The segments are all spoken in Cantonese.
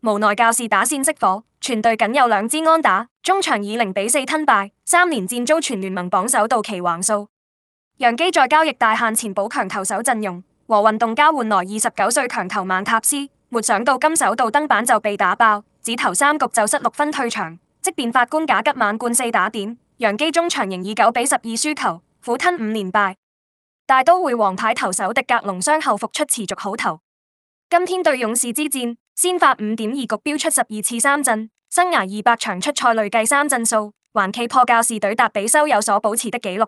無奈教士打線熄火，全隊僅有兩支安打，中場以零比四吞敗，三連戰遭全聯盟榜首道奇橫掃。楊基在交易大限前補強投手陣容，和運動家換來二十九歲強投曼塔斯，沒想到今首度登板就被打爆，只投三局就失六分退場。即便法官賈吉滿貫四打點，楊基中場仍以九比十二輸球，苦吞五連敗。大都會王牌投手迪格隆傷後復出持續好投，今天對勇士之戰。先發五點二局，飆出十二次三振，生涯二百場出賽累計三振數，還企破教士隊達比修有所保持的紀錄。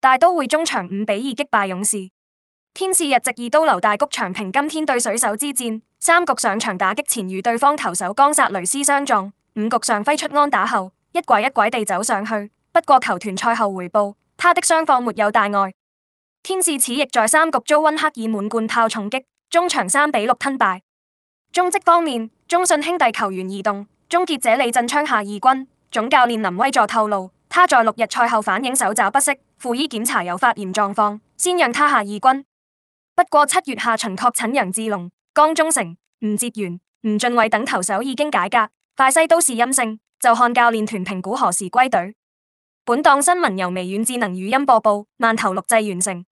大都會中場五比二擊敗勇士，天使日籍二刀流大谷翔平今天對水手之戰，三局上場打擊前與對方投手岡薩雷斯相撞，五局上揮出安打後，一拐一拐地走上去。不過球團賽後回報，他的傷況沒有大礙。天使此役在三局遭溫克爾滿貫炮重擊，中場三比六吞敗。中職方面，中信兄弟球員異動，終結者李振昌下二軍，總教練林威助透露，他在六日賽後反映手肘不適，赴醫檢查有發炎狀況，先讓他下二軍。不過七月下旬確診楊志龍、江忠城、吳哲源、吳俊偉等投手已經解隔，快篩都是陰性，就看教練團評估何時歸隊。本檔新聞由微軟智能語音播報，慢投錄製完成。